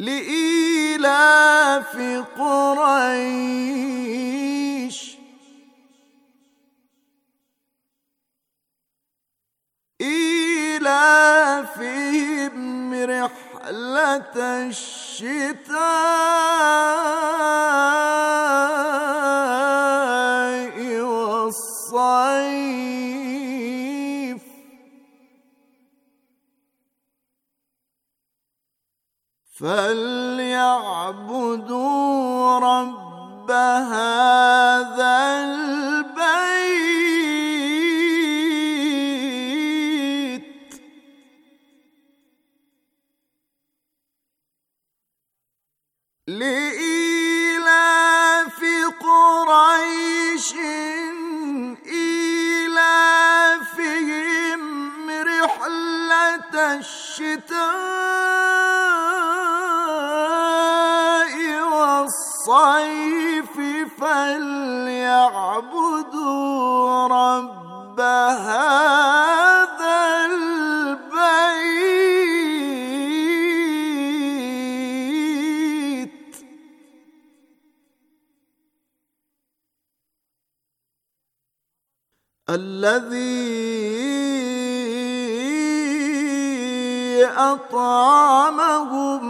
لإيلاف قريش إيلافهم رحلة الشتاء فليعبدوا رب هذا البيت لإيلاف قريش إيلافهم رحلة الشتاء الضعيف فليعبدوا رب هذا البيت الذي أطعمهم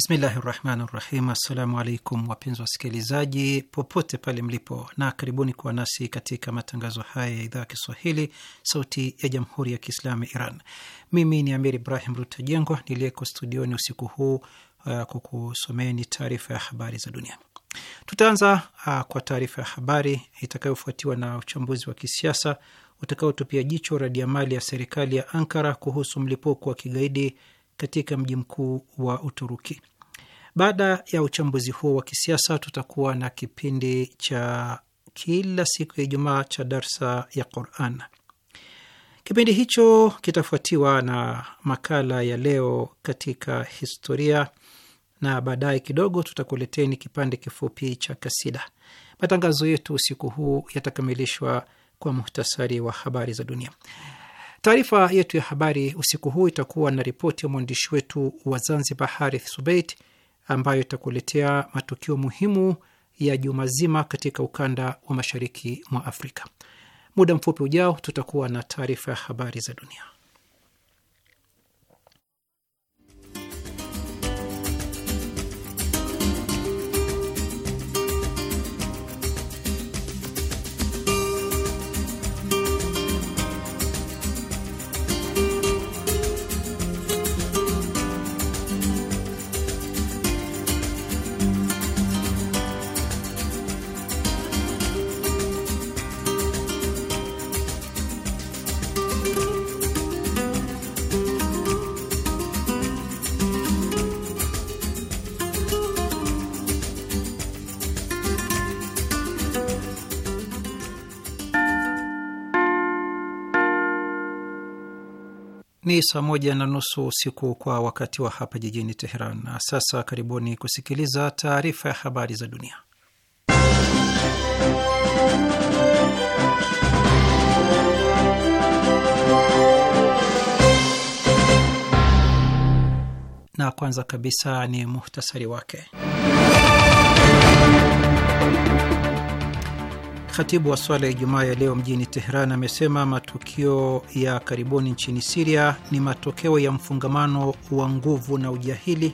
Bismillahi rahmani rahim. Assalamu alaikum wapenzi wasikilizaji popote pale mlipo, na karibuni kuwa nasi katika matangazo haya ya idhaa ya Kiswahili sauti ya jamhuri ya Kiislamu ya Iran. Mimi ni Amir Ibrahim Rutajengwa niliyeko studioni usiku huu uh, kukusomeeni taarifa ya habari za dunia. Tutaanza uh, kwa taarifa ya habari itakayofuatiwa na uchambuzi wa kisiasa utakaotupia jicho radiamali ya serikali ya Ankara kuhusu mlipuko wa kigaidi katika mji mkuu wa Uturuki. Baada ya uchambuzi huo wa kisiasa, tutakuwa na kipindi cha kila siku ya Ijumaa cha darsa ya Quran. Kipindi hicho kitafuatiwa na makala ya leo katika historia, na baadaye kidogo tutakuleteni kipande kifupi cha kasida. Matangazo yetu usiku huu yatakamilishwa kwa muhtasari wa habari za dunia. Taarifa yetu ya habari usiku huu itakuwa na ripoti ya mwandishi wetu wa Zanzibar, Harith Subeit, ambayo itakuletea matukio muhimu ya juma zima katika ukanda wa mashariki mwa Afrika. Muda mfupi ujao tutakuwa na taarifa ya habari za dunia. Ni saa moja na nusu usiku kwa wakati wa hapa jijini Teheran. Na sasa karibuni kusikiliza taarifa ya habari za dunia, na kwanza kabisa ni muhtasari wake. Khatibu wa swala ya Ijumaa ya leo mjini Teheran amesema matukio ya karibuni nchini Siria ni matokeo ya mfungamano wa nguvu na ujahili.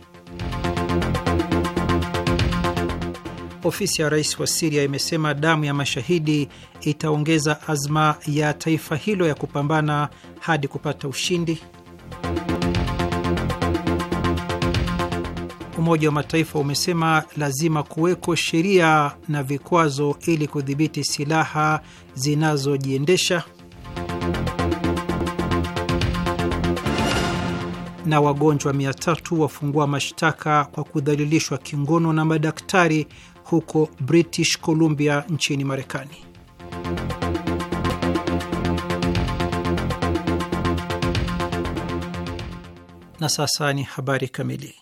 Ofisi ya rais wa Siria imesema damu ya mashahidi itaongeza azma ya taifa hilo ya kupambana hadi kupata ushindi. Umoja wa Mataifa umesema lazima kuweko sheria na vikwazo ili kudhibiti silaha zinazojiendesha. Na wagonjwa mia tatu wafungua mashtaka kwa kudhalilishwa kingono na madaktari huko British Columbia nchini Marekani. Na sasa ni habari kamili.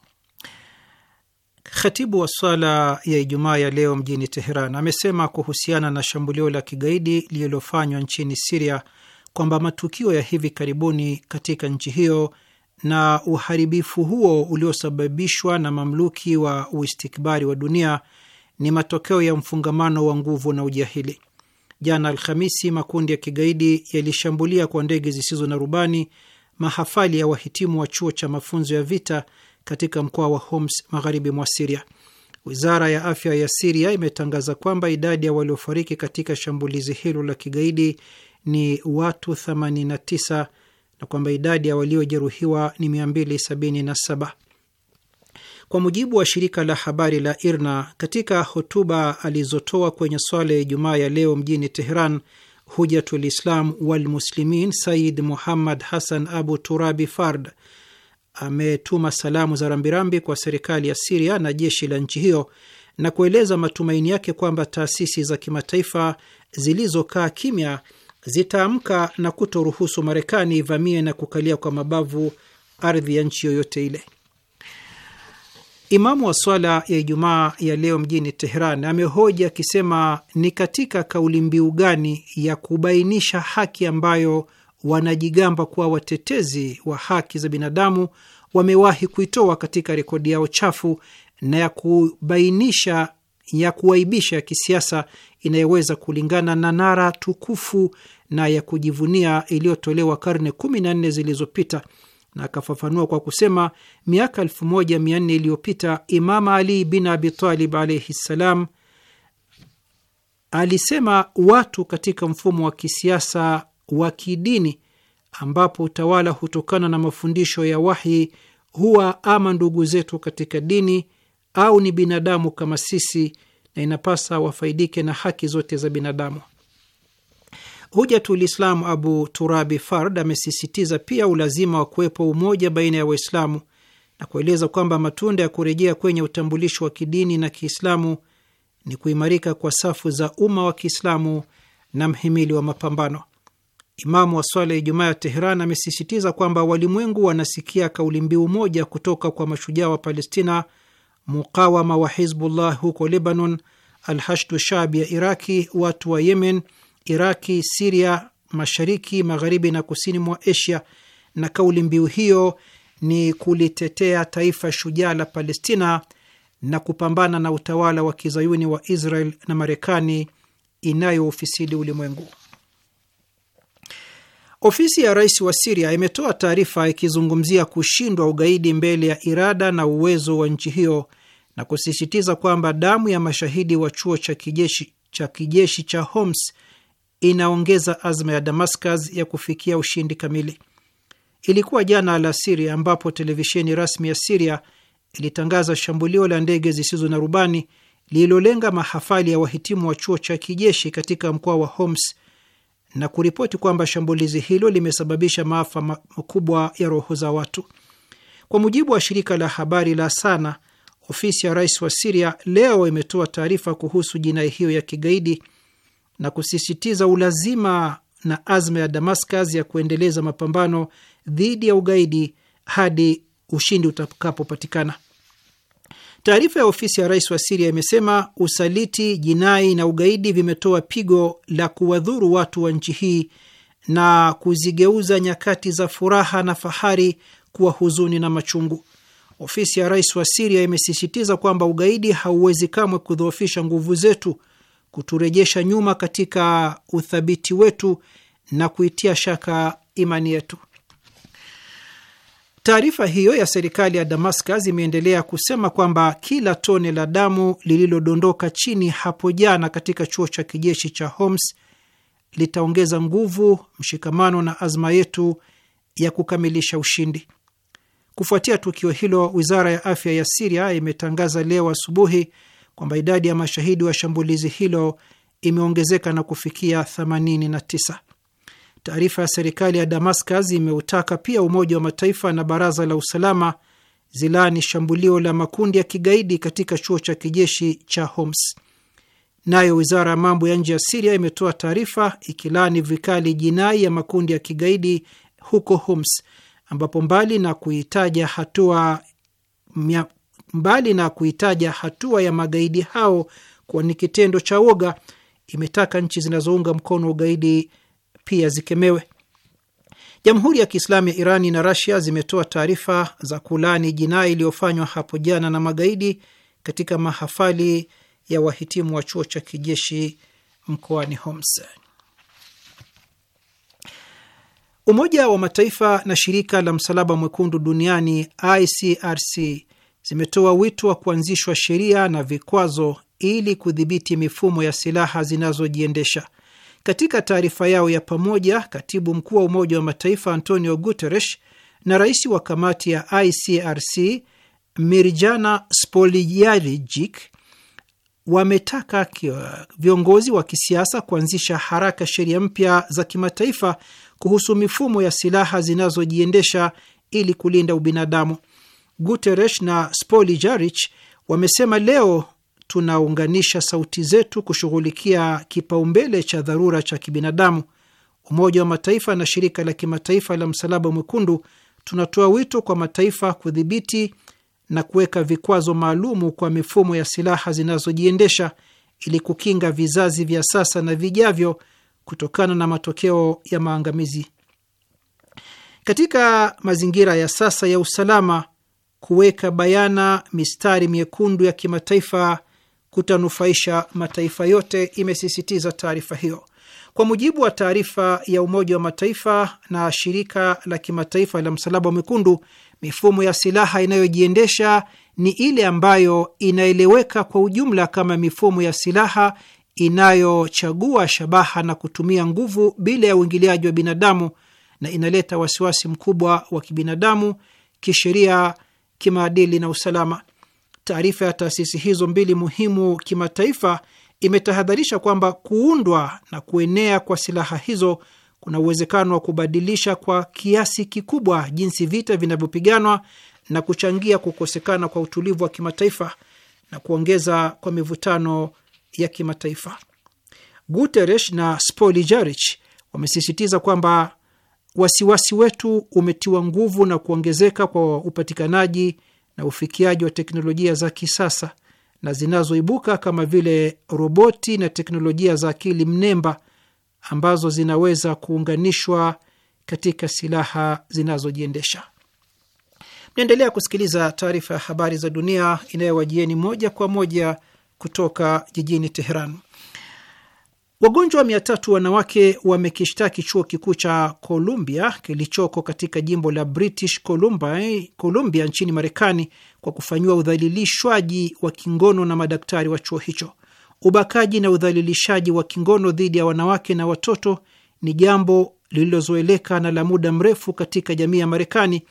Khatibu wa swala ya Ijumaa ya leo mjini Teheran amesema kuhusiana na shambulio la kigaidi lililofanywa nchini Siria kwamba matukio ya hivi karibuni katika nchi hiyo na uharibifu huo uliosababishwa na mamluki wa uistikbari wa dunia ni matokeo ya mfungamano wa nguvu na ujahili. Jana Alhamisi, makundi ya kigaidi yalishambulia kwa ndege zisizo na rubani mahafali ya wahitimu wa chuo cha mafunzo ya vita katika mkoa wa Homs, magharibi mwa Siria. Wizara ya afya ya Siria imetangaza kwamba idadi ya waliofariki katika shambulizi hilo la kigaidi ni watu 89 na kwamba idadi ya waliojeruhiwa ni 277. Kwa mujibu wa shirika la habari la IRNA, katika hotuba alizotoa kwenye swala ya Ijumaa ya leo mjini Teheran, Hujatul Islam wal Muslimin Said Muhammad Hassan Abu Turabi Fard ametuma salamu za rambirambi kwa serikali ya Siria na jeshi la nchi hiyo na kueleza matumaini yake kwamba taasisi za kimataifa zilizokaa kimya zitaamka na kutoruhusu Marekani ivamie na kukalia kwa mabavu ardhi ya nchi yoyote ile. Imamu wa swala ya Ijumaa ya leo mjini Teheran amehoji akisema, ni katika kauli mbiu gani ya kubainisha haki ambayo wanajigamba kuwa watetezi wa haki za binadamu wamewahi kuitoa katika rekodi yao chafu na ya kubainisha ya kuwaibisha ya kisiasa inayoweza kulingana na nara tukufu na ya kujivunia iliyotolewa karne kumi na nne zilizopita, na akafafanua kwa kusema, miaka elfu moja mia nne iliyopita Imam Ali bin Abi Talib alaihi ssalam alisema watu katika mfumo wa kisiasa wa kidini ambapo utawala hutokana na mafundisho ya wahi huwa ama ndugu zetu katika dini au ni binadamu kama sisi, na inapasa wafaidike na haki zote za binadamu. Hujatul Islam Abu Turabi Fard amesisitiza pia ulazima wa kuwepo umoja baina ya Waislamu na kueleza kwamba matunda ya kurejea kwenye utambulisho wa kidini na Kiislamu ni kuimarika kwa safu za umma wa Kiislamu na mhimili wa mapambano. Imamu wa swala ya Ijumaa ya Teheran amesisitiza kwamba walimwengu wanasikia kauli mbiu moja kutoka kwa mashujaa wa Palestina, mukawama wa Hizbullah huko Lebanon, Alhashdu Shabi ya Iraki, watu wa Yemen, Iraki, Siria, mashariki, magharibi na kusini mwa Asia, na kauli mbiu hiyo ni kulitetea taifa shujaa la Palestina na kupambana na utawala wa kizayuni wa Israel na Marekani inayoufisidi ulimwengu. Ofisi ya rais wa Siria imetoa taarifa ikizungumzia kushindwa ugaidi mbele ya irada na uwezo wa nchi hiyo na kusisitiza kwamba damu ya mashahidi wa chuo cha kijeshi cha kijeshi cha Homs inaongeza azma ya Damascus ya kufikia ushindi kamili. Ilikuwa jana alasiri ambapo televisheni rasmi ya Siria ilitangaza shambulio la ndege zisizo na rubani lililolenga mahafali ya wahitimu wa chuo cha kijeshi katika mkoa wa Homs na kuripoti kwamba shambulizi hilo limesababisha maafa makubwa ya roho za watu. Kwa mujibu wa shirika la habari la Sana, ofisi ya rais wa Siria leo imetoa taarifa kuhusu jinai hiyo ya kigaidi na kusisitiza ulazima na azma ya Damascus ya kuendeleza mapambano dhidi ya ugaidi hadi ushindi utakapopatikana. Taarifa ya ofisi ya rais wa Siria imesema usaliti, jinai na ugaidi vimetoa pigo la kuwadhuru watu wa nchi hii na kuzigeuza nyakati za furaha na fahari kuwa huzuni na machungu. Ofisi ya rais wa Siria imesisitiza kwamba ugaidi hauwezi kamwe kudhoofisha nguvu zetu, kuturejesha nyuma katika uthabiti wetu na kuitia shaka imani yetu. Taarifa hiyo ya serikali ya Damascus imeendelea kusema kwamba kila tone la damu lililodondoka chini hapo jana katika chuo cha kijeshi cha Homs litaongeza nguvu, mshikamano na azma yetu ya kukamilisha ushindi. Kufuatia tukio hilo, wizara ya afya ya Siria imetangaza leo asubuhi kwamba idadi ya mashahidi wa shambulizi hilo imeongezeka na kufikia 89. Taarifa ya serikali ya Damascus imeutaka pia Umoja wa Mataifa na Baraza la Usalama zilaani shambulio la makundi ya kigaidi katika chuo cha kijeshi cha Homs. Nayo wizara ya mambo ya nje ya Siria imetoa taarifa ikilaani vikali jinai ya makundi ya kigaidi huko Homs, ambapo mbali na kuitaja hatua mia, mbali na kuitaja hatua ya magaidi hao kuwa ni kitendo cha woga, imetaka nchi zinazounga mkono ugaidi pia zikemewe. Jamhuri ya Kiislamu ya Irani na Rasia zimetoa taarifa za kulani jinai iliyofanywa hapo jana na magaidi katika mahafali ya wahitimu wa chuo cha kijeshi mkoani Homs. Umoja wa Mataifa na shirika la Msalaba Mwekundu duniani ICRC zimetoa wito wa kuanzishwa sheria na vikwazo ili kudhibiti mifumo ya silaha zinazojiendesha katika taarifa yao ya pamoja, katibu mkuu wa Umoja wa Mataifa Antonio Guterres na rais wa kamati ya ICRC Mirjana Spoljaric wametaka viongozi wa kisiasa kuanzisha haraka sheria mpya za kimataifa kuhusu mifumo ya silaha zinazojiendesha ili kulinda ubinadamu. Guterres na Spoljaric wamesema leo tunaunganisha sauti zetu kushughulikia kipaumbele cha dharura cha kibinadamu. Umoja wa Mataifa na shirika la kimataifa la Msalaba Mwekundu tunatoa wito kwa mataifa kudhibiti na kuweka vikwazo maalumu kwa mifumo ya silaha zinazojiendesha ili kukinga vizazi vya sasa na vijavyo kutokana na matokeo ya maangamizi. Katika mazingira ya sasa ya usalama, kuweka bayana mistari miekundu ya kimataifa kutanufaisha mataifa yote, imesisitiza taarifa hiyo. Kwa mujibu wa taarifa ya Umoja wa Mataifa na shirika la kimataifa la Msalaba Mwekundu, mifumo ya silaha inayojiendesha ni ile ambayo inaeleweka kwa ujumla kama mifumo ya silaha inayochagua shabaha na kutumia nguvu bila ya uingiliaji wa binadamu na inaleta wasiwasi mkubwa wa kibinadamu, kisheria, kimaadili na usalama. Taarifa ya taasisi hizo mbili muhimu kimataifa imetahadharisha kwamba kuundwa na kuenea kwa silaha hizo kuna uwezekano wa kubadilisha kwa kiasi kikubwa jinsi vita vinavyopiganwa na kuchangia kukosekana kwa utulivu wa kimataifa na kuongeza kwa mivutano ya kimataifa. Guterres na Spoljaric wamesisitiza kwamba wasiwasi wetu umetiwa nguvu na kuongezeka kwa upatikanaji na ufikiaji wa teknolojia za kisasa na zinazoibuka kama vile roboti na teknolojia za akili mnemba ambazo zinaweza kuunganishwa katika silaha zinazojiendesha. Mnaendelea kusikiliza taarifa ya habari za dunia inayowajieni moja kwa moja kutoka jijini Teheran. Wagonjwa mia tatu wanawake wamekishtaki chuo kikuu cha Columbia kilichoko katika jimbo la British Columbia, Columbia nchini Marekani kwa kufanyiwa udhalilishwaji wa kingono na madaktari wa chuo hicho. Ubakaji na udhalilishaji wa kingono dhidi ya wanawake na watoto ni jambo lililozoeleka na la muda mrefu katika jamii ya Marekani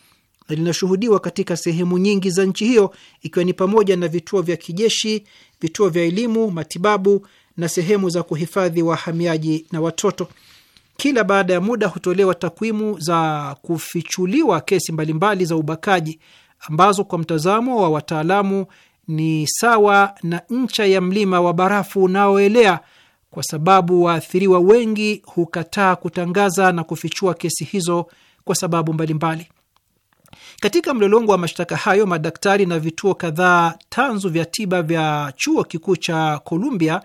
na linashuhudiwa katika sehemu nyingi za nchi hiyo, ikiwa ni pamoja na vituo vya kijeshi, vituo vya elimu, matibabu na sehemu za kuhifadhi wahamiaji na watoto. Kila baada ya muda hutolewa takwimu za kufichuliwa kesi mbalimbali za ubakaji ambazo kwa mtazamo wa wataalamu ni sawa na ncha ya mlima wa barafu unaoelea, kwa sababu waathiriwa wengi hukataa kutangaza na kufichua kesi hizo kwa sababu mbalimbali. Katika mlolongo wa mashtaka hayo, madaktari na vituo kadhaa tanzu vya tiba vya chuo kikuu cha Columbia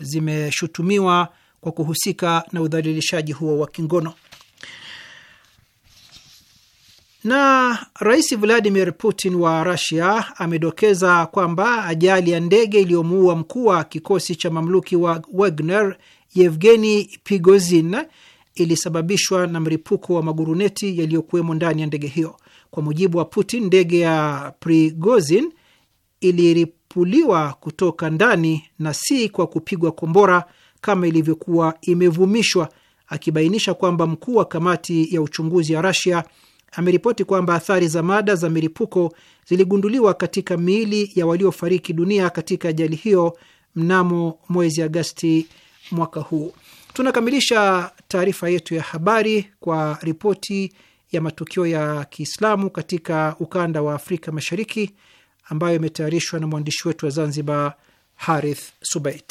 zimeshutumiwa kwa kuhusika na udhalilishaji huo wa kingono. Na Rais Vladimir Putin wa rasia amedokeza kwamba ajali ya ndege iliyomuua mkuu wa kikosi cha mamluki wa Wagner Yevgeni Prigozhin ilisababishwa na mlipuko wa maguruneti yaliyokuwemo ndani ya ndege hiyo. Kwa mujibu wa Putin, ndege ya Prigozhin ili kulipuliwa kutoka ndani na si kwa kupigwa kombora kama ilivyokuwa imevumishwa, akibainisha kwamba mkuu wa kamati ya uchunguzi ya Rasia ameripoti kwamba athari za mada za milipuko ziligunduliwa katika miili ya waliofariki dunia katika ajali hiyo mnamo mwezi Agasti mwaka huu. Tunakamilisha taarifa yetu ya habari kwa ripoti ya matukio ya Kiislamu katika ukanda wa Afrika Mashariki ambayo imetayarishwa na mwandishi wetu wa Zanzibar, Harith Subait.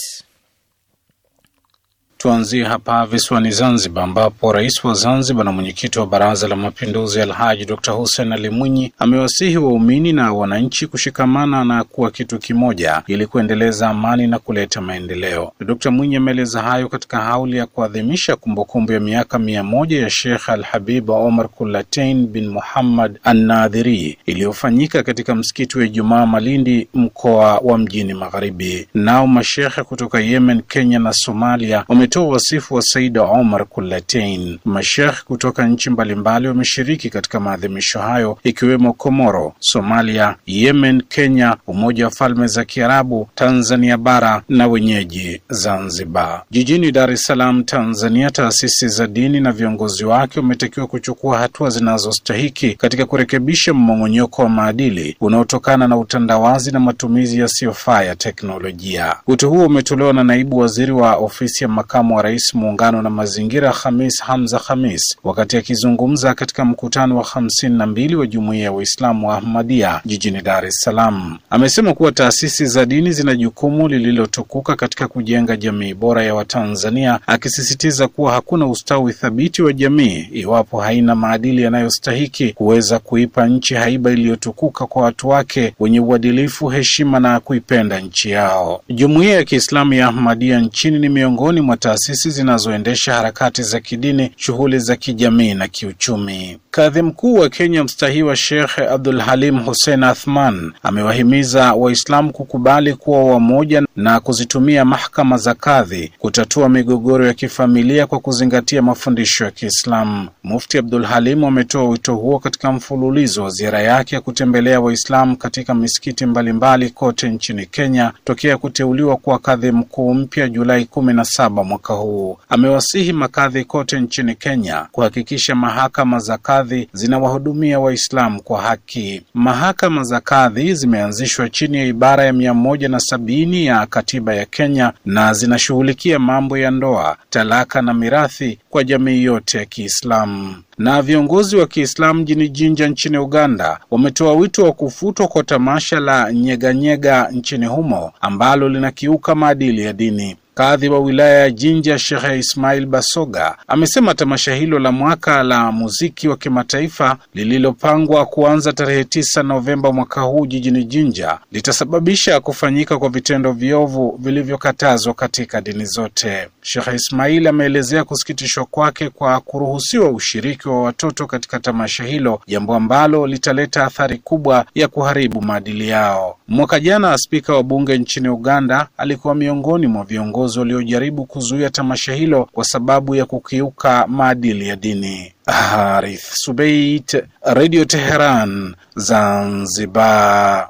Tuanzie hapa visiwani Zanzibar, ambapo rais wa Zanzibar na mwenyekiti wa Baraza la Mapinduzi Alhaji Dr Hussein Ali Mwinyi amewasihi waumini na wananchi kushikamana na kuwa kitu kimoja ili kuendeleza amani na kuleta maendeleo. Dr Mwinyi ameeleza hayo katika hauli ya kuadhimisha kumbukumbu ya miaka mia moja ya Sheikh Al Omar Kulatein bin Muhammad Annadhiri iliyofanyika katika msikiti wa Ijumaa Malindi, mkoa wa Mjini Magharibi. Nao mashekhe kutoka Yemen, Kenya na Somalia wame ametoa wasifu wa Said Omar Kulatein. Mashekh kutoka nchi mbalimbali wameshiriki katika maadhimisho hayo ikiwemo Komoro, Somalia, Yemen, Kenya, Umoja wa Falme za Kiarabu, Tanzania bara na wenyeji Zanzibar. Jijini Dar es Salaam, Tanzania, taasisi za dini na viongozi wake wametakiwa kuchukua hatua zinazostahiki katika kurekebisha mmomonyoko wa maadili unaotokana na utandawazi na matumizi yasiyofaa ya teknolojia. Wito huo umetolewa na naibu waziri wa ofisi ya makamu makamu wa rais muungano na mazingira Khamis Hamza Khamis wakati akizungumza katika mkutano wa hamsini na mbili wa jumuiya ya Waislamu wa Ahmadia jijini Dar es Salaam. Amesema kuwa taasisi za dini zina jukumu lililotukuka katika kujenga jamii bora ya Watanzania, akisisitiza kuwa hakuna ustawi thabiti wa jamii iwapo haina maadili yanayostahiki kuweza kuipa nchi haiba iliyotukuka kwa watu wake wenye uadilifu, heshima na kuipenda nchi yao. Jumuiya ya Kiislamu ya Ahmadia nchini ni miongoni mwa taasisi zinazoendesha harakati za kidini, shughuli za kijamii na kiuchumi. Kadhi mkuu wa Kenya mstahiwa Sheikh Abdul Halim Hussein Athman amewahimiza Waislamu kukubali kuwa wamoja na kuzitumia mahakama za kadhi kutatua migogoro ya kifamilia kwa kuzingatia mafundisho ya Kiislamu. Mufti Abdul Halim ametoa wito huo katika mfululizo wa ziara yake ya kutembelea Waislamu katika misikiti mbalimbali kote nchini Kenya tokea kuteuliwa kuwa kadhi mkuu mpya Julai 17 na mwaka huu. Amewasihi makadhi kote nchini Kenya kuhakikisha mahakama za kadhi zinawahudumia Waislamu kwa haki. Mahakama za kadhi zimeanzishwa chini ya ibara ya mia moja na sabini ya katiba ya Kenya na zinashughulikia mambo ya ndoa, talaka na mirathi kwa jamii yote ya Kiislamu. Na viongozi wa Kiislamu mjini Jinja nchini Uganda wametoa wito wa kufutwa kwa tamasha la nyeganyega nchini humo ambalo linakiuka maadili ya dini. Kadhi wa wilaya ya Jinja Shehe Ismail Basoga amesema tamasha hilo la mwaka la muziki wa kimataifa lililopangwa kuanza tarehe tisa Novemba mwaka huu jijini Jinja litasababisha kufanyika kwa vitendo viovu vilivyokatazwa katika dini zote. Shehe Ismail ameelezea kusikitishwa kwake kwa kuruhusiwa ushiriki wa watoto katika tamasha hilo, jambo ambalo litaleta athari kubwa ya kuharibu maadili yao. Mwaka jana spika wa bunge nchini Uganda alikuwa miongoni mwa viongozi viongozi waliojaribu kuzuia tamasha hilo kwa sababu ya kukiuka maadili ya dini. Harith Subeit, Radio Teheran, Zanzibar.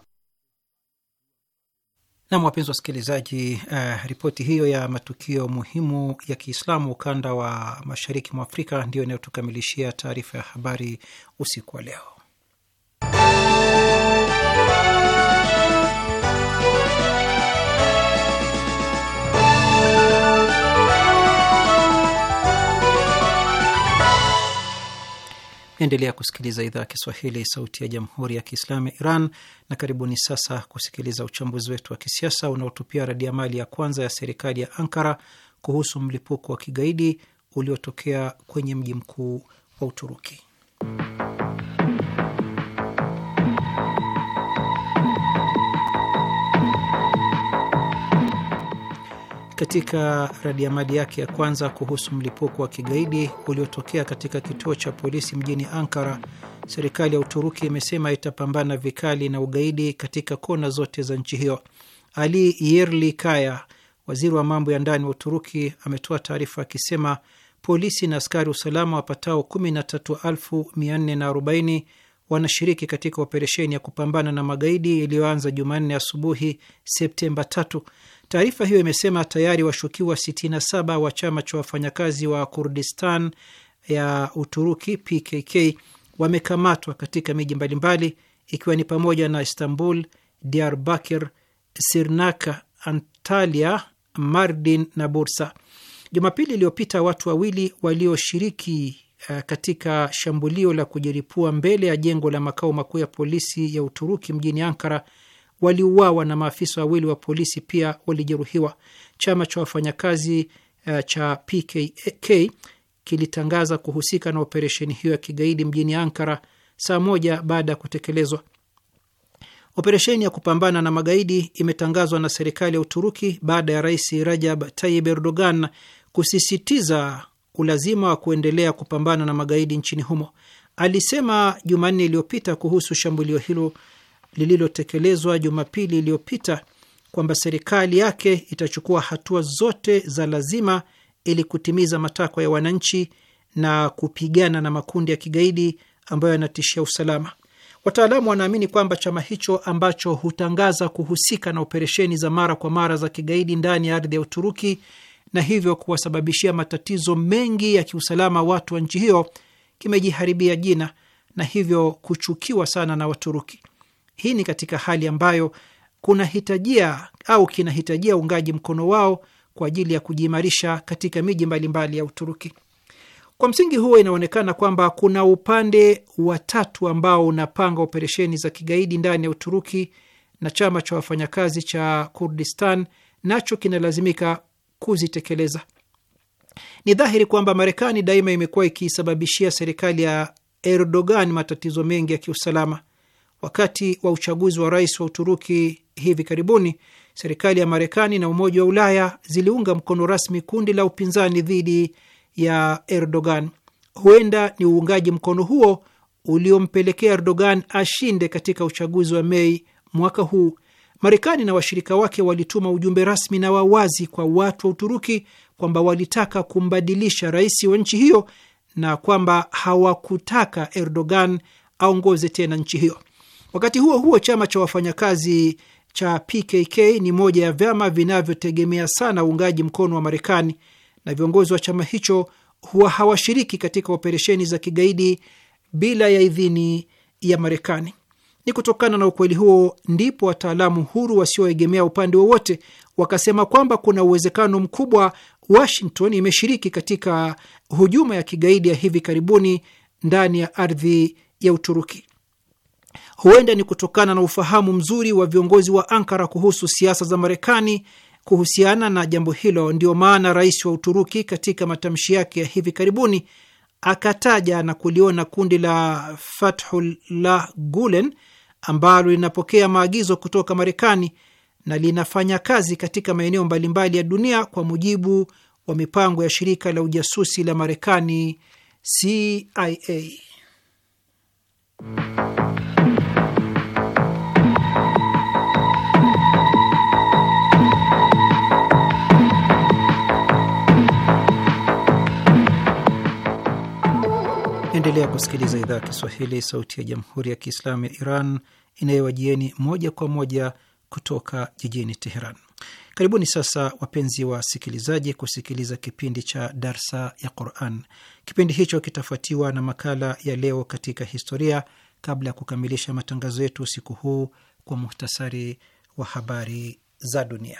Nam, wapenzi wasikilizaji, uh, ripoti hiyo ya matukio muhimu ya Kiislamu ukanda wa mashariki mwa Afrika ndiyo inayotukamilishia taarifa ya habari usiku wa leo. Naendelea kusikiliza idhaa ya Kiswahili, sauti ya jamhuri ya kiislamu ya Iran, na karibuni sasa kusikiliza uchambuzi wetu wa kisiasa unaotupia radiamali ya kwanza ya serikali ya Ankara kuhusu mlipuko wa kigaidi uliotokea kwenye mji mkuu wa Uturuki. katika radiamali yake ya kwanza kuhusu mlipuko wa kigaidi uliotokea katika kituo cha polisi mjini Ankara, serikali ya Uturuki imesema itapambana vikali na ugaidi katika kona zote za nchi hiyo. Ali Yerli Kaya, waziri wa mambo ya ndani wa Uturuki, ametoa taarifa akisema polisi na askari usalama wapatao 13440 wanashiriki katika operesheni ya kupambana na magaidi iliyoanza Jumanne asubuhi Septemba 3 Taarifa hiyo imesema tayari washukiwa 67 wa chama cha wafanyakazi wa Kurdistan ya Uturuki PKK wamekamatwa katika miji mbalimbali ikiwa ni pamoja na Istanbul, Diyarbakir, Sirnaka, Antalya, Mardin na Bursa. Jumapili iliyopita watu wawili walioshiriki uh, katika shambulio la kujiripua mbele ya jengo la makao makuu ya polisi ya Uturuki mjini Ankara waliuawa na maafisa wawili wa polisi pia walijeruhiwa. Chama cha wafanyakazi uh, cha PKK kilitangaza kuhusika na operesheni hiyo ya kigaidi mjini Ankara saa moja baada ya kutekelezwa. Operesheni ya kupambana na magaidi imetangazwa na serikali ya Uturuki baada ya rais Rajab Tayyip Erdogan kusisitiza ulazima wa kuendelea kupambana na magaidi nchini humo. Alisema Jumanne iliyopita kuhusu shambulio hilo lililotekelezwa Jumapili iliyopita kwamba serikali yake itachukua hatua zote za lazima ili kutimiza matakwa ya wananchi na kupigana na makundi ya kigaidi ambayo yanatishia usalama. Wataalamu wanaamini kwamba chama hicho ambacho hutangaza kuhusika na operesheni za mara kwa mara za kigaidi ndani ya ardhi ya Uturuki na hivyo kuwasababishia matatizo mengi ya kiusalama watu wa nchi hiyo kimejiharibia jina na hivyo kuchukiwa sana na Waturuki. Hii ni katika hali ambayo kunahitajia au kinahitajia uungaji mkono wao kwa ajili ya kujiimarisha katika miji mbalimbali ya Uturuki. Kwa msingi huo, inaonekana kwamba kuna upande wa tatu ambao unapanga operesheni za kigaidi ndani ya Uturuki, na chama cha wafanyakazi cha Kurdistan nacho kinalazimika kuzitekeleza. Ni dhahiri kwamba Marekani daima imekuwa ikisababishia serikali ya Erdogan matatizo mengi ya kiusalama. Wakati wa uchaguzi wa rais wa Uturuki hivi karibuni, serikali ya Marekani na Umoja wa Ulaya ziliunga mkono rasmi kundi la upinzani dhidi ya Erdogan. Huenda ni uungaji mkono huo uliompelekea Erdogan ashinde katika uchaguzi wa Mei mwaka huu. Marekani na washirika wake walituma ujumbe rasmi na wawazi kwa watu wa Uturuki kwamba walitaka kumbadilisha rais wa nchi hiyo na kwamba hawakutaka Erdogan aongoze tena nchi hiyo. Wakati huo huo, chama cha wafanyakazi cha PKK ni moja ya vyama vinavyotegemea sana uungaji mkono wa Marekani na viongozi wa chama hicho huwa hawashiriki katika operesheni za kigaidi bila ya idhini ya Marekani. Ni kutokana na ukweli huo ndipo wataalamu huru wasioegemea upande wowote wa wakasema kwamba kuna uwezekano mkubwa Washington imeshiriki katika hujuma ya kigaidi ya hivi karibuni ndani ya ardhi ya Uturuki. Huenda ni kutokana na ufahamu mzuri wa viongozi wa Ankara kuhusu siasa za Marekani kuhusiana na jambo hilo, ndiyo maana rais wa Uturuki katika matamshi yake ya hivi karibuni akataja na kuliona kundi la Fathullah Gulen ambalo linapokea maagizo kutoka Marekani na linafanya kazi katika maeneo mbalimbali ya dunia kwa mujibu wa mipango ya shirika la ujasusi la Marekani CIA. Naendelea kusikiliza idhaa ya Kiswahili, sauti ya jamhuri ya kiislamu ya Iran inayowajieni moja kwa moja kutoka jijini Teheran. Karibuni sasa wapenzi wa sikilizaji, kusikiliza kipindi cha darsa ya Quran. Kipindi hicho kitafuatiwa na makala ya leo katika historia, kabla ya kukamilisha matangazo yetu usiku huu kwa muhtasari wa habari za dunia.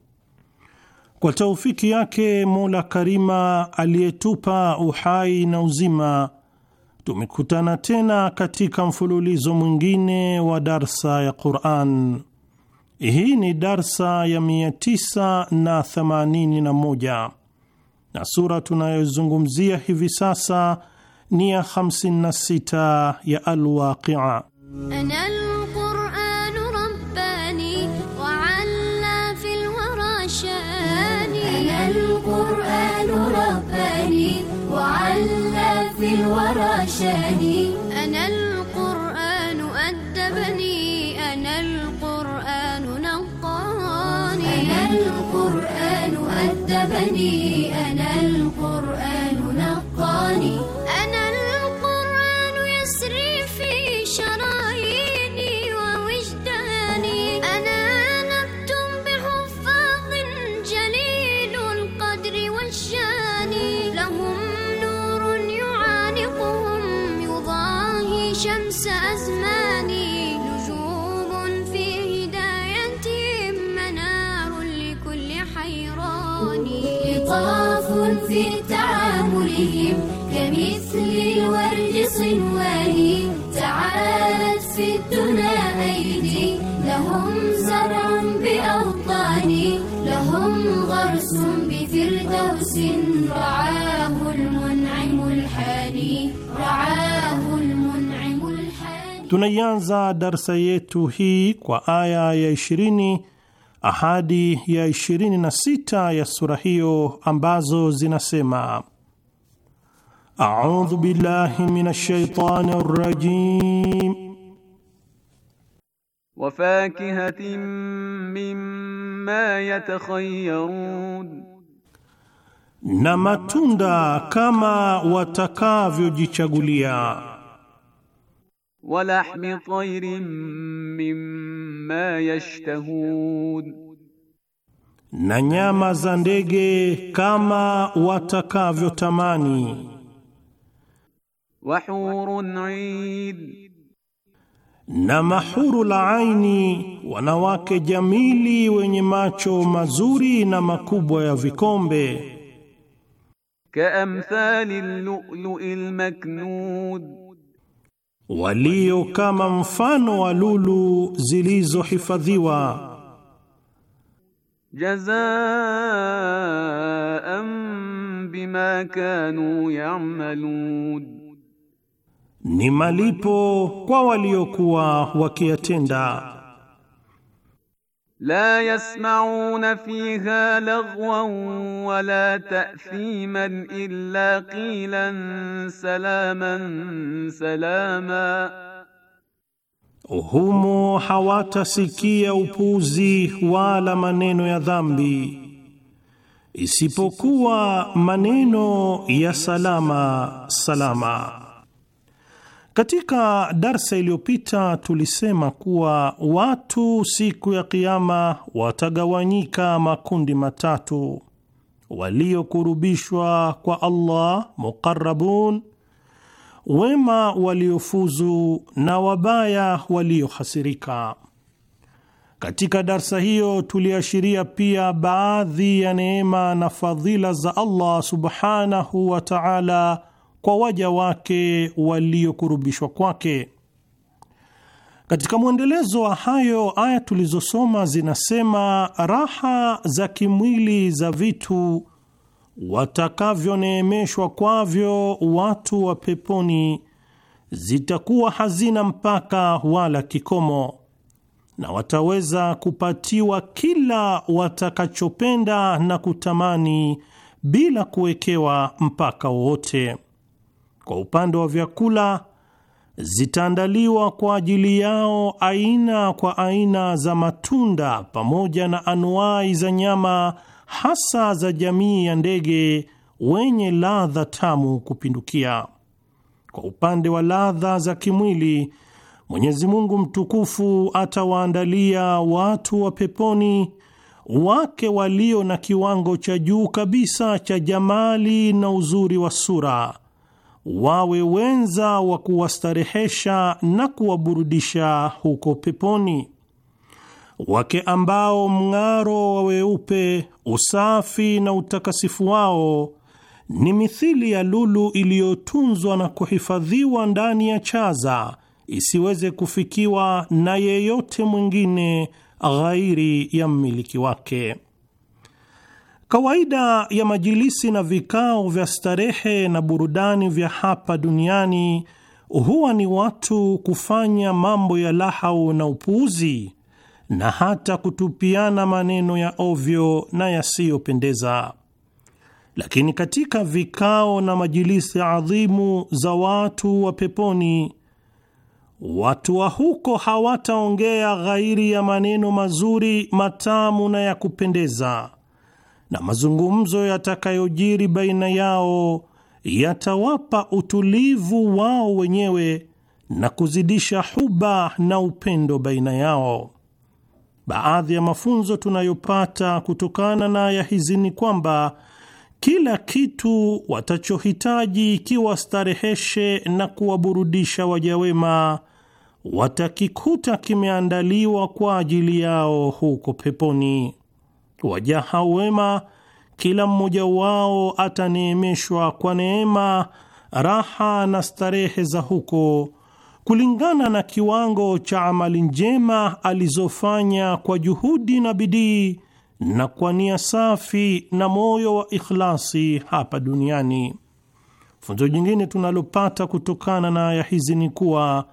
kwa taufiki yake Mola Karima aliyetupa uhai na uzima, tumekutana tena katika mfululizo mwingine wa darsa ya Quran. Hii ni darsa ya 981 na, na sura tunayozungumzia hivi sasa ni ya 56 ya Alwaqia. أداني أنا القرآن أدبني أنا القرآن نقاني أنا القرآن أدبني أنا القرآن نقاني في الدنا أيدي لهم زرع بأوطاني لهم غرس بفردوس رعاه المنعم الحاني رعاه المنعم الحاني tunaianza darsa yetu hii kwa aya ya ishirini ahadi ya ishirini na sita ya sura hiyo ambazo zinasema أعوذ بالله من الشيطان الرجيم wafakihatin mimma yatakhayyarun, na matunda kama watakavyojichagulia. Walahmi tayrin mimma yashtahun, na nyama za ndege kama watakavyotamani. Wahurun 'ain na mahuru la aini, wanawake jamili wenye macho mazuri na makubwa ya vikombe. Kaamthali lului al-maknud, walio kama mfano wa lulu zilizohifadhiwa. Jazaan bima kanu yamalun ni malipo kwa waliokuwa wakiyatenda. La yasmauna fiha lagwan wala ta'thiman illa qilan salaman salama, humo hawatasikia upuzi wala maneno ya dhambi isipokuwa maneno ya salama salama. Katika darsa iliyopita tulisema kuwa watu siku ya Kiama watagawanyika makundi matatu: waliokurubishwa kwa Allah muqarrabun, wema waliofuzu, na wabaya waliohasirika. Katika darsa hiyo tuliashiria pia baadhi ya neema na fadhila za Allah subhanahu wa ta'ala kwa waja wake waliokurubishwa kwake. Katika mwendelezo wa hayo aya tulizosoma zinasema, raha za kimwili za vitu watakavyoneemeshwa kwavyo watu wa peponi zitakuwa hazina mpaka wala kikomo, na wataweza kupatiwa kila watakachopenda na kutamani bila kuwekewa mpaka wowote. Kwa upande wa vyakula, zitaandaliwa kwa ajili yao aina kwa aina za matunda pamoja na anuwai za nyama, hasa za jamii ya ndege wenye ladha tamu kupindukia. Kwa upande wa ladha za kimwili, Mwenyezi Mungu mtukufu atawaandalia watu wa peponi wake walio na kiwango cha juu kabisa cha jamali na uzuri wa sura wawe wenza wa kuwastarehesha na kuwaburudisha huko peponi, wake ambao mng'aro wa weupe, usafi na utakasifu wao ni mithili ya lulu iliyotunzwa na kuhifadhiwa ndani ya chaza isiweze kufikiwa na yeyote mwingine ghairi ya mmiliki wake. Kawaida ya majilisi na vikao vya starehe na burudani vya hapa duniani huwa ni watu kufanya mambo ya lahau na upuuzi na hata kutupiana maneno ya ovyo na yasiyopendeza. Lakini katika vikao na majilisi adhimu za watu wa peponi, watu wa huko hawataongea ghairi ya maneno mazuri, matamu na ya kupendeza na mazungumzo yatakayojiri baina yao yatawapa utulivu wao wenyewe na kuzidisha huba na upendo baina yao. Baadhi ya mafunzo tunayopata kutokana na aya hizi ni kwamba kila kitu watachohitaji kiwastareheshe na kuwaburudisha waja wema watakikuta kimeandaliwa kwa ajili yao huko peponi. Wajaha wema kila mmoja wao ataneemeshwa kwa neema, raha na starehe za huko kulingana na kiwango cha amali njema alizofanya kwa juhudi na bidii na kwa nia safi na moyo wa ikhlasi hapa duniani. Funzo jingine tunalopata kutokana na aya hizi ni kuwa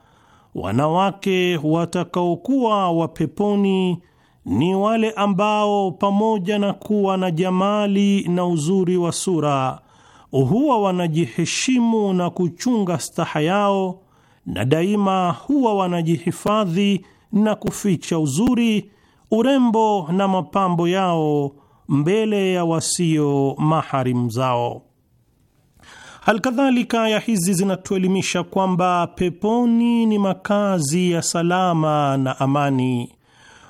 wanawake watakaokuwa wapeponi peponi ni wale ambao pamoja na kuwa na jamali na uzuri wa sura huwa wanajiheshimu na kuchunga staha yao, na daima huwa wanajihifadhi na kuficha uzuri, urembo na mapambo yao mbele ya wasio maharimu zao. Halkadhalika, aya hizi zinatuelimisha kwamba peponi ni makazi ya salama na amani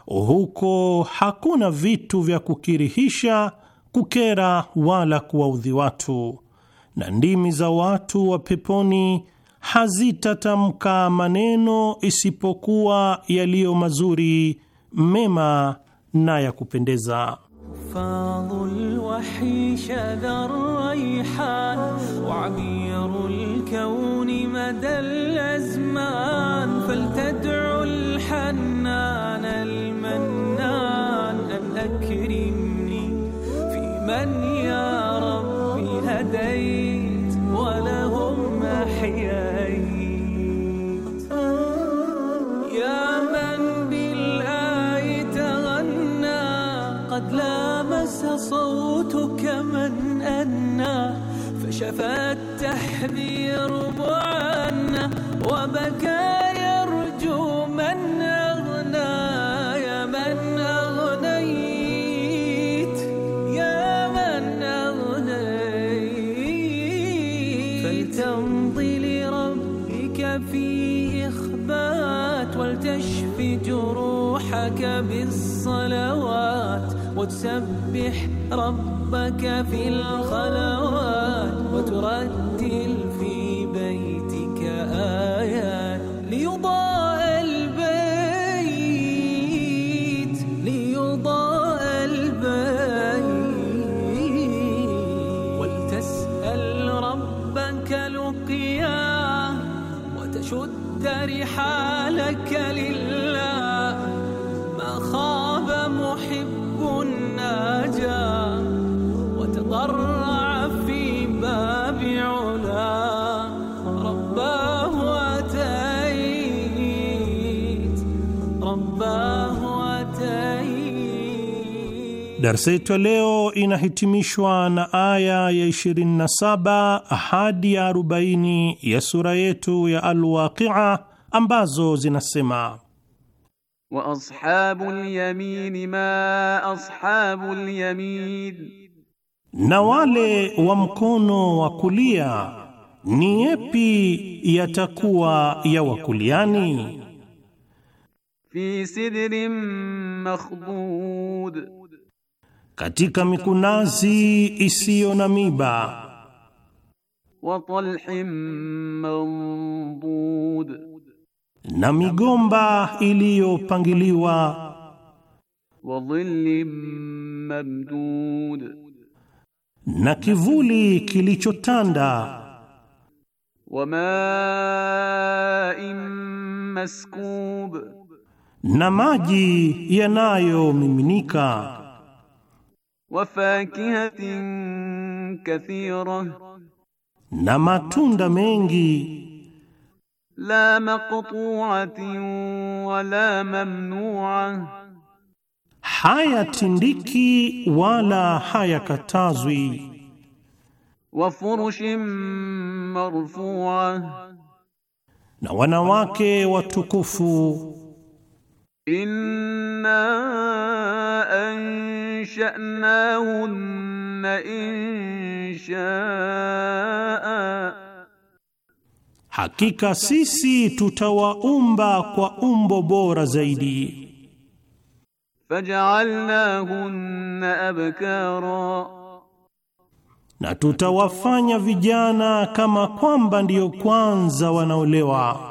huko hakuna vitu vya kukirihisha, kukera wala kuwaudhi watu, na ndimi za watu wa peponi hazitatamka maneno isipokuwa yaliyo mazuri, mema na ya kupendeza. فاض الوحي شذا الريحان وعبير الكون مدى الأزمان فلتدعو الحنان المنان أن أكرمني في من يا ربي هديت ولهم أحيان يهدي عنا وبكى يرجو من أغنى يا من أغنيت يا من أغنيت فلتمضي لربك في إخبات ولتشفي جروحك بالصلوات وتسبح ربك في الخلوات وترد Darsa yetu ya leo inahitimishwa na aya ya 27 hadi ya 40 ya sura yetu ya Alwaqia ambazo zinasema: wa ashabul yamini ma ashabul yamin, na wale wa mkono wa kulia ni yepi yatakuwa ya wakuliani. fi sidrin makhdud katika mikunazi isiyo na miba wa talhim mandud, na migomba iliyopangiliwa wa dhillim mamdud, na kivuli kilichotanda wa ma'in maskub, na maji yanayomiminika wafakihatin kathira, na matunda mengi. La maqtu'atin wala mamnu'a, hayatindiki wala hayakatazwi. Wa furushin marfu'a, na wanawake watukufu Inna anshanahunna inshaa, hakika sisi tutawaumba kwa umbo bora zaidi. Fajaalnahunna abkara, na tutawafanya vijana kama kwamba ndiyo kwanza wanaolewa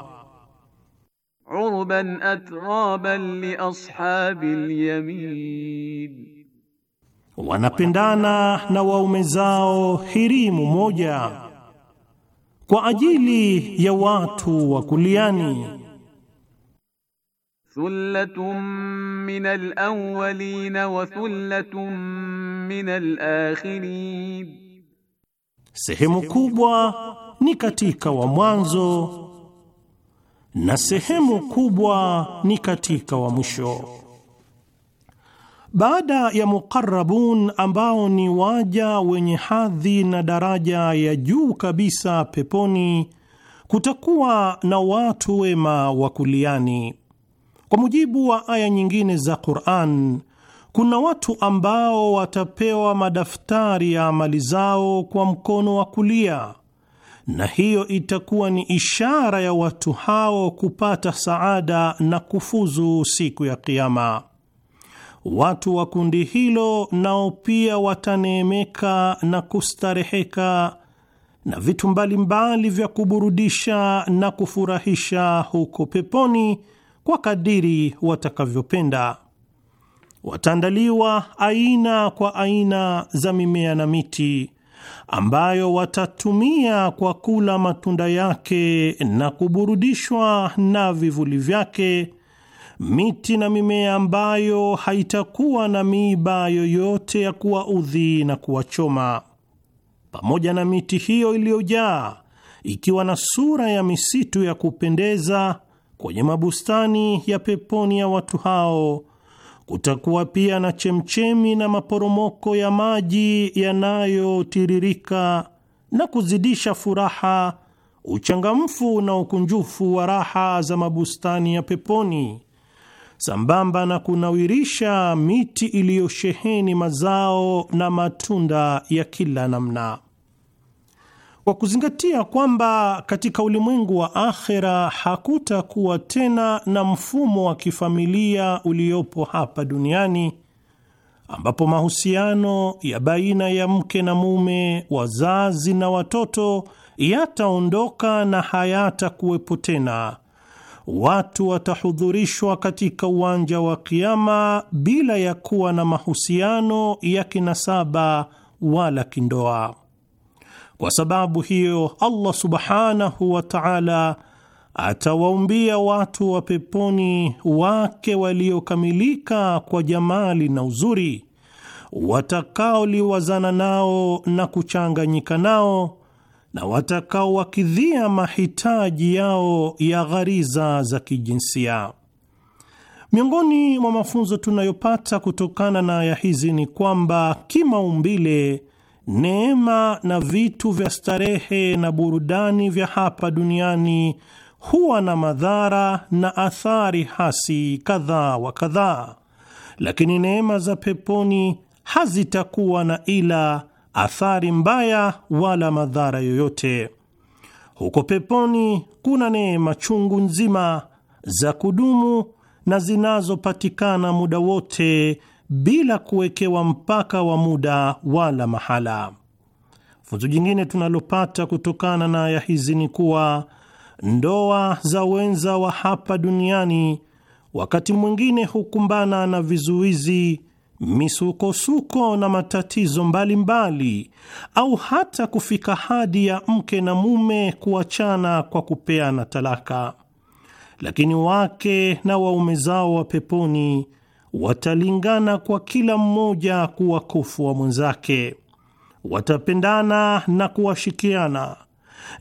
uruban atraban li ashabil yamin, wanapendana na waume zao hirimu moja kwa ajili ya watu wa kuliani. Thullatun minal awwalin wa thullatun minal akhirin, sehemu kubwa ni katika wa mwanzo na sehemu kubwa ni katika wa mwisho. Baada ya muqarrabun ambao ni waja wenye hadhi na daraja ya juu kabisa peponi, kutakuwa na watu wema wa kuliani. Kwa mujibu wa aya nyingine za Qur'an, kuna watu ambao watapewa madaftari ya amali zao kwa mkono wa kulia na hiyo itakuwa ni ishara ya watu hao kupata saada na kufuzu siku ya Kiama. Watu wa kundi hilo nao pia wataneemeka na kustareheka na vitu mbalimbali mbali vya kuburudisha na kufurahisha huko peponi kwa kadiri watakavyopenda. Wataandaliwa aina kwa aina za mimea na miti ambayo watatumia kwa kula matunda yake na kuburudishwa na vivuli vyake, miti na mimea ambayo haitakuwa na miiba yoyote ya kuwaudhi na kuwachoma, pamoja na miti hiyo iliyojaa ikiwa na sura ya misitu ya kupendeza kwenye mabustani ya peponi ya watu hao kutakuwa pia na chemchemi na maporomoko ya maji yanayotiririka na kuzidisha furaha, uchangamfu na ukunjufu wa raha za mabustani ya peponi, sambamba na kunawirisha miti iliyosheheni mazao na matunda ya kila namna kwa kuzingatia kwamba katika ulimwengu wa akhera hakutakuwa tena na mfumo wa kifamilia uliopo hapa duniani ambapo mahusiano ya baina ya mke na mume, wazazi na watoto yataondoka na hayatakuwepo tena. Watu watahudhurishwa katika uwanja wa Kiama bila ya kuwa na mahusiano ya kinasaba wala kindoa. Kwa sababu hiyo Allah subhanahu wa ta'ala atawaumbia watu wa peponi wake waliokamilika kwa jamali na uzuri, watakaoliwazana nao na kuchanganyika nao, na watakaowakidhia mahitaji yao ya ghariza za kijinsia. Miongoni mwa mafunzo tunayopata kutokana na aya hizi ni kwamba kimaumbile neema na vitu vya starehe na burudani vya hapa duniani huwa na madhara na athari hasi kadhaa wa kadhaa, lakini neema za peponi hazitakuwa na ila athari mbaya wala madhara yoyote. Huko peponi kuna neema chungu nzima za kudumu na zinazopatikana muda wote bila kuwekewa mpaka wa muda wala mahala. Funzo jingine tunalopata kutokana na aya hizi ni kuwa ndoa za wenza wa hapa duniani wakati mwingine hukumbana na vizuizi, misukosuko na matatizo mbalimbali mbali, au hata kufika hadi ya mke na mume kuachana kwa kupeana talaka, lakini wake na waume zao wa peponi watalingana kwa kila mmoja kuwakufu wa mwenzake, watapendana na kuwashikiana,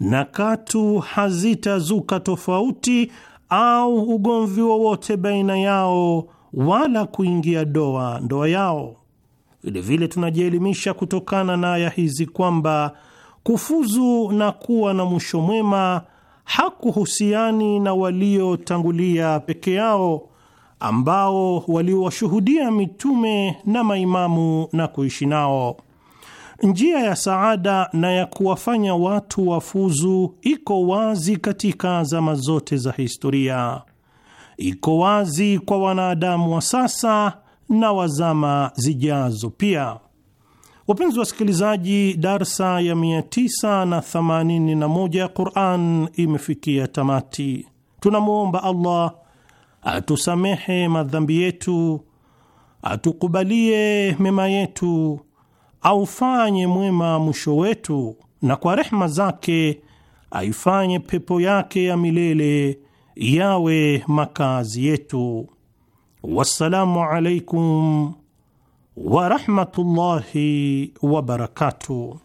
na katu hazitazuka tofauti au ugomvi wowote baina yao wala kuingia doa ndoa yao. Vilevile tunajielimisha kutokana na aya hizi kwamba kufuzu na kuwa na mwisho mwema hakuhusiani na waliotangulia peke yao ambao waliwashuhudia mitume na maimamu na kuishi nao. Njia ya saada na ya kuwafanya watu wafuzu iko wazi katika zama zote za historia, iko wazi kwa wanadamu wa sasa na wazama zijazo pia. Wapenzi wasikilizaji, darsa ya 981 ya Quran imefikia tamati. Tunamwomba Allah atusamehe madhambi yetu, atukubalie mema yetu, aufanye mwema mwisho wetu, na kwa rehma zake aifanye pepo yake ya milele yawe makazi yetu. Wassalamu alaikum warahmatullahi wabarakatuh.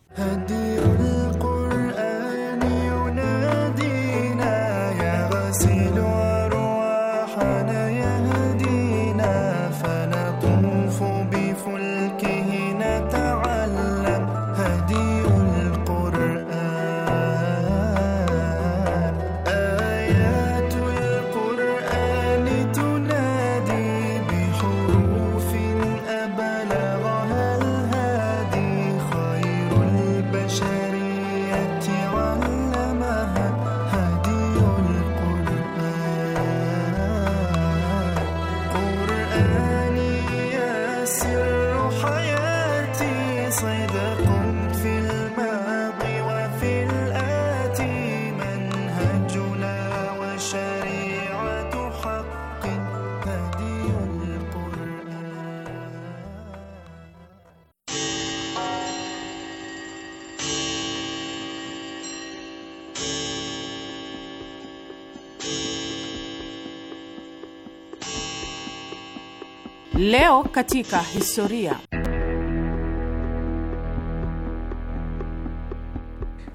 Leo katika historia.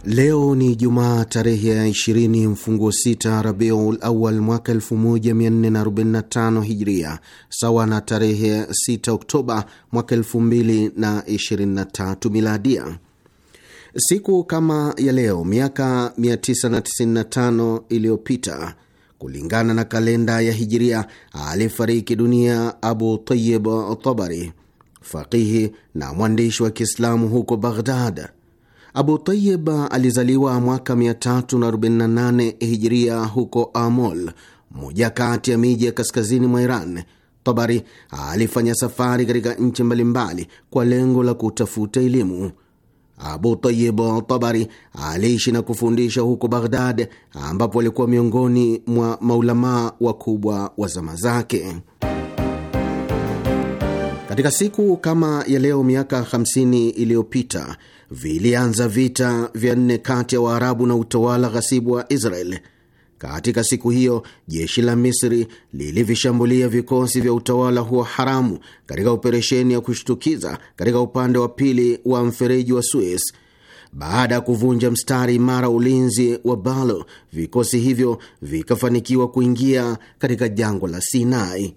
Leo ni Jumaa tarehe ya 20 mfunguo 6 Rabiul Awal mwaka 1445 Hijria, sawa na tarehe 6 Oktoba mwaka 2023 Miladia. Siku kama ya leo miaka 995 iliyopita Kulingana na kalenda ya Hijiria, alifariki dunia Abu Tayib Tabari, faqihi na mwandishi wa Kiislamu huko Baghdad. Abu Tayib alizaliwa mwaka 348 Hijiria huko Amol, moja kati ya miji ya kaskazini mwa Iran. Tabari alifanya safari katika nchi mbalimbali kwa lengo la kutafuta elimu. Abu Tayyib Tabari aliishi na kufundisha huko Baghdad, ambapo alikuwa miongoni mwa maulamaa wakubwa wa zama zake. Katika siku kama ya leo miaka 50 iliyopita vilianza vita vya nne kati ya Waarabu na utawala ghasibu wa Israel. Katika siku hiyo jeshi la Misri lilivishambulia vikosi vya utawala huo haramu katika operesheni ya kushtukiza katika upande wa pili wa mfereji wa Suez. Baada ya kuvunja mstari imara ulinzi wa Balo, vikosi hivyo vikafanikiwa kuingia katika jangwa la Sinai.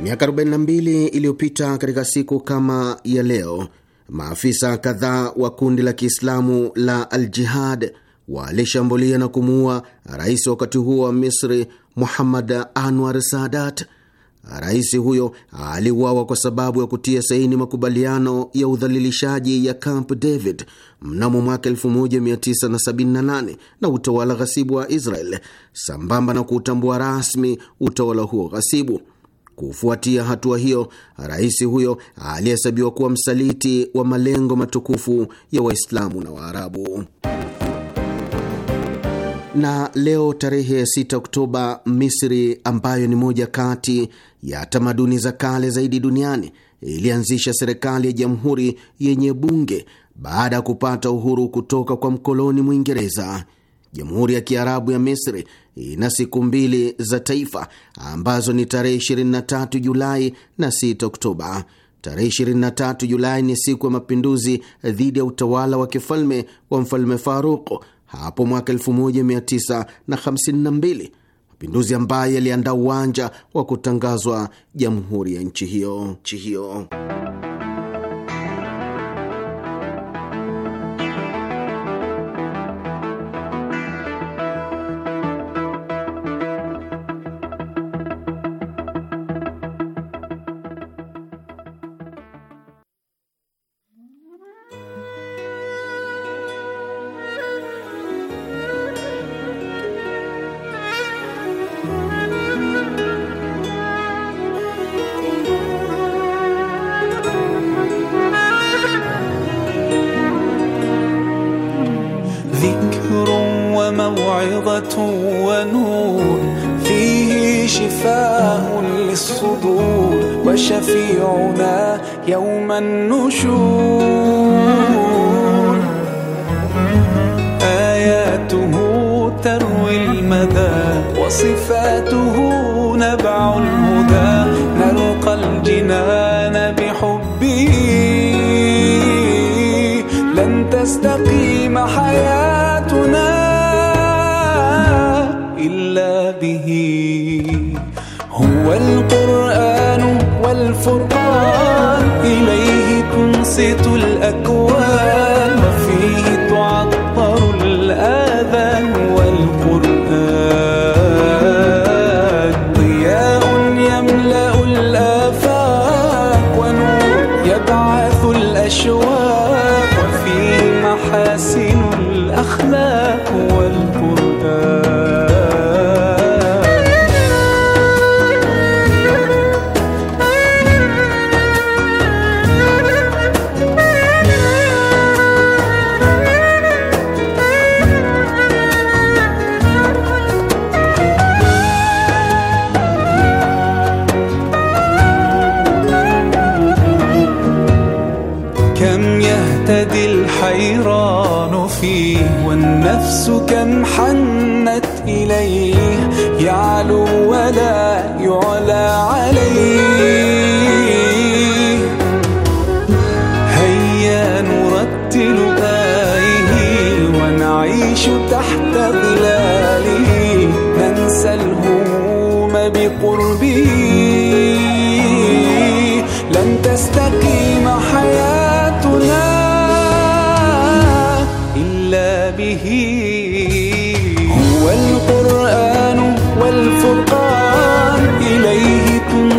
Miaka 42 iliyopita katika siku kama ya leo, maafisa kadhaa wa kundi la Kiislamu la Al Jihad walishambulia na kumuua rais wakati huo wa Misri Muhammad Anwar Sadat. Rais huyo aliuawa kwa sababu ya kutia saini makubaliano ya udhalilishaji ya Camp David mnamo mwaka 1978 na utawala ghasibu wa Israel sambamba na kuutambua rasmi utawala huo ghasibu. Kufuatia hatua hiyo, rais huyo alihesabiwa kuwa msaliti wa malengo matukufu ya Waislamu na Waarabu na leo tarehe 6 Oktoba, Misri ambayo ni moja kati ya tamaduni za kale zaidi duniani ilianzisha serikali ya jamhuri yenye bunge baada ya kupata uhuru kutoka kwa mkoloni Mwingereza. Jamhuri ya Kiarabu ya Misri ina siku mbili za taifa ambazo ni tarehe 23 Julai na 6 Oktoba. Tarehe 23 Julai ni siku ya mapinduzi dhidi ya utawala wa kifalme wa mfalme Faruko hapo mwaka 1952, mapinduzi ambayo yaliandaa uwanja wa kutangazwa jamhuri ya nchi hiyo nchi hiyo ونور فيه شفاء للصدور وشفيعنا يوم النشور آياته تروي المدى وصفاته نبع الهدى نلقى الجنان بحبه لن تستقيم حياه والقرآن والفرقان إليه تنصت الأرض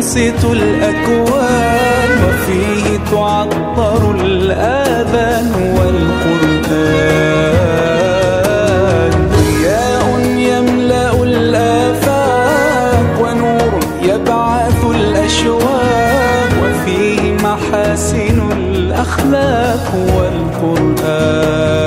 أنست الأكوان وفيه تعطر الآذان والقرآن ضياء يملأ الآفاق ونور يبعث الأشواق وفيه محاسن الأخلاق والقرآن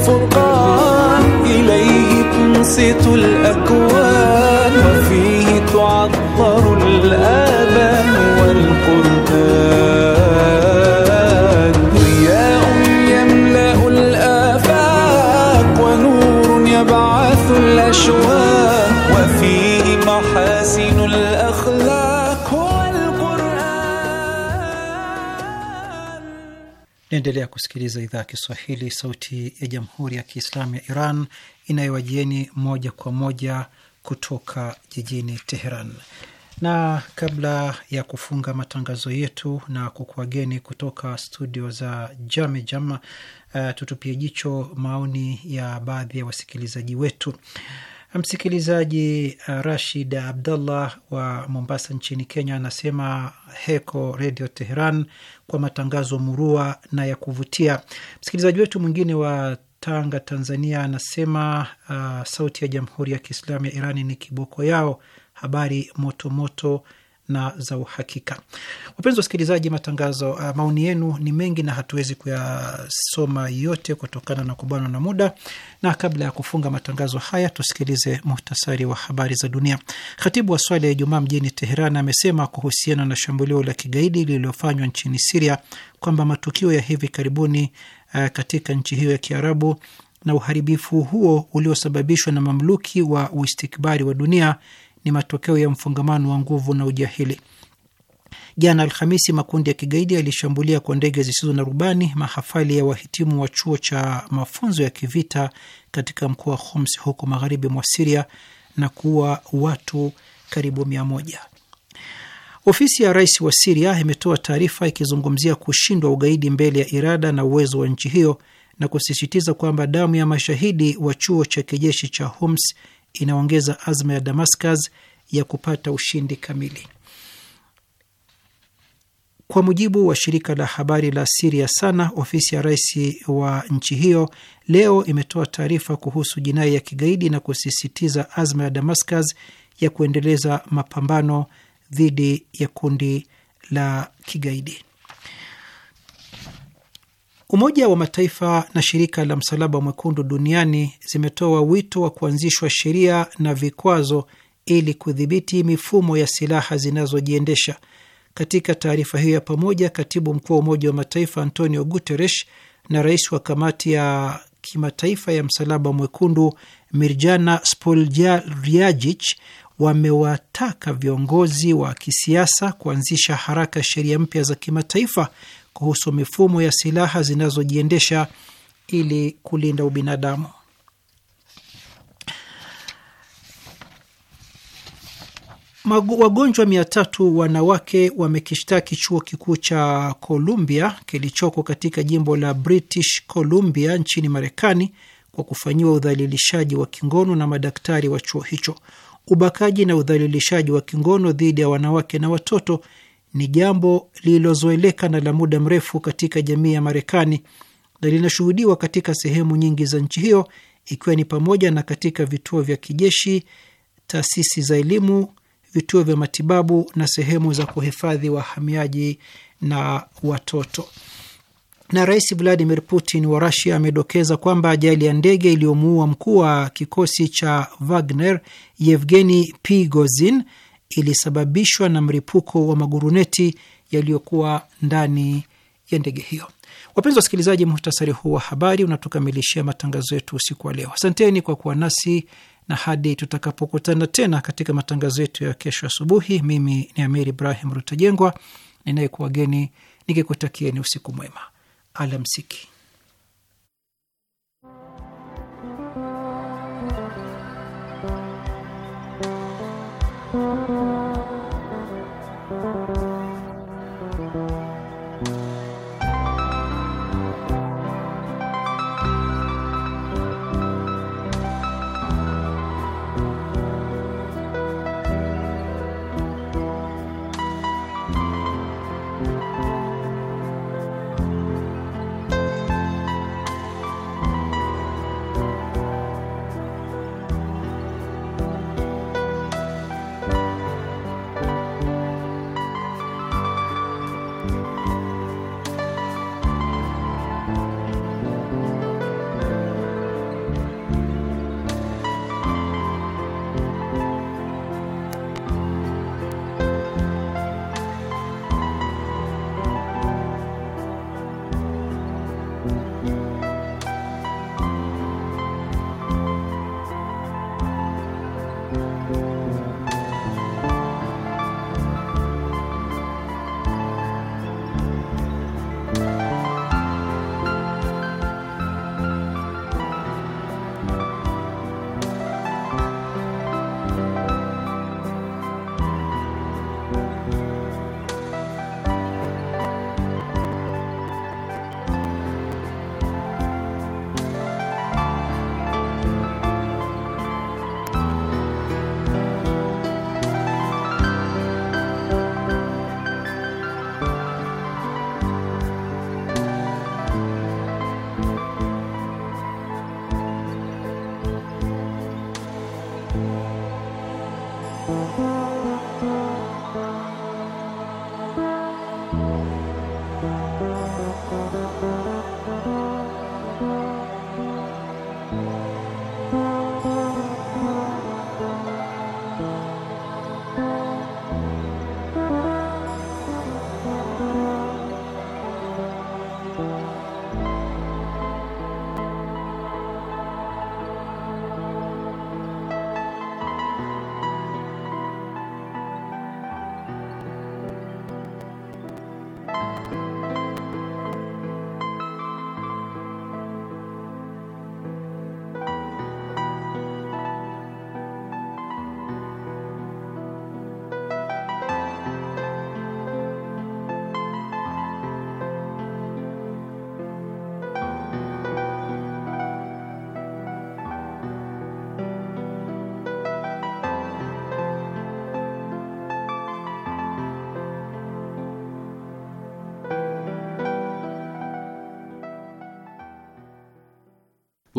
الفرقان إليه تنصت الأكوان وفيه تعطر الآبان والقرآن ضياء يملأ الآفاق ونور يبعث الأشواق Naendelea kusikiliza idhaa ya Kiswahili, sauti ya jamhuri ya kiislamu ya Iran inayowajieni moja kwa moja kutoka jijini Teheran. Na kabla ya kufunga matangazo yetu na kukuageni kutoka studio za Jamejam, uh, eh, tutupie jicho maoni ya baadhi ya wasikilizaji wetu. Msikilizaji uh, Rashid Abdallah wa Mombasa nchini Kenya anasema heko Redio Teheran kwa matangazo murua na ya kuvutia. Msikilizaji wetu mwingine wa Tanga, Tanzania anasema uh, sauti ya Jamhuri ya Kiislamu ya iran ni kiboko yao, habari motomoto moto na za uhakika. Wapenzi wa wasikilizaji, matangazo uh, maoni yenu ni mengi na hatuwezi kuyasoma yote kutokana na kubanwa na muda, na kabla ya kufunga matangazo haya tusikilize muhtasari wa habari za dunia. Khatibu wa swala ya Ijumaa mjini Teheran amesema kuhusiana na shambulio la kigaidi lililofanywa nchini Siria kwamba matukio ya hivi karibuni uh, katika nchi hiyo ya Kiarabu na uharibifu huo uliosababishwa na mamluki wa uistikbari wa dunia ni matokeo ya mfungamano wa nguvu na ujahili. Jana Alhamisi, makundi ya kigaidi yalishambulia kwa ndege zisizo na rubani mahafali ya wahitimu wa chuo cha mafunzo ya kivita katika mkoa wa Homs huko magharibi mwa Siria na kuua watu karibu mia moja. Ofisi ya rais wa Siria imetoa taarifa ikizungumzia kushindwa ugaidi mbele ya irada na uwezo wa nchi hiyo na kusisitiza kwamba damu ya mashahidi wa chuo cha kijeshi cha Homs inaongeza azma ya Damascus ya kupata ushindi kamili. Kwa mujibu wa shirika la habari la Siria SANA, ofisi ya rais wa nchi hiyo leo imetoa taarifa kuhusu jinai ya kigaidi na kusisitiza azma ya Damascus ya kuendeleza mapambano dhidi ya kundi la kigaidi. Umoja wa Mataifa na shirika la Msalaba Mwekundu duniani zimetoa wito wa kuanzishwa sheria na vikwazo ili kudhibiti mifumo ya silaha zinazojiendesha. Katika taarifa hiyo ya pamoja, katibu mkuu wa Umoja wa Mataifa Antonio Guterres na rais wa kamati ya kimataifa ya Msalaba Mwekundu Mirjana spoljariajich wamewataka viongozi wa kisiasa kuanzisha haraka sheria mpya za kimataifa kuhusu mifumo ya silaha zinazojiendesha ili kulinda ubinadamu. Wagonjwa mia tatu wanawake wamekishtaki chuo kikuu cha Columbia kilichoko katika jimbo la British Columbia nchini Marekani kwa kufanyiwa udhalilishaji wa kingono na madaktari wa chuo hicho. Ubakaji na udhalilishaji wa kingono dhidi ya wanawake na watoto ni jambo lililozoeleka na la muda mrefu katika jamii ya Marekani na linashuhudiwa katika sehemu nyingi za nchi hiyo ikiwa ni pamoja na katika vituo vya kijeshi, taasisi za elimu, vituo vya matibabu na sehemu za kuhifadhi wahamiaji na watoto. Na Rais Vladimir Putin wa Rusia amedokeza kwamba ajali ya ndege iliyomuua mkuu wa kikosi cha Wagner Yevgeni Prigozhin ilisababishwa na mlipuko wa maguruneti yaliyokuwa ndani ya ndege hiyo. Wapenzi wa wasikilizaji, muhtasari huu wa habari unatukamilishia matangazo yetu usiku wa leo. Asanteni kwa kuwa nasi na hadi tutakapokutana tena katika matangazo yetu ya kesho asubuhi, mimi ni Amir Ibrahim Rutajengwa ninayekuwageni nikikutakieni usiku mwema, alamsiki.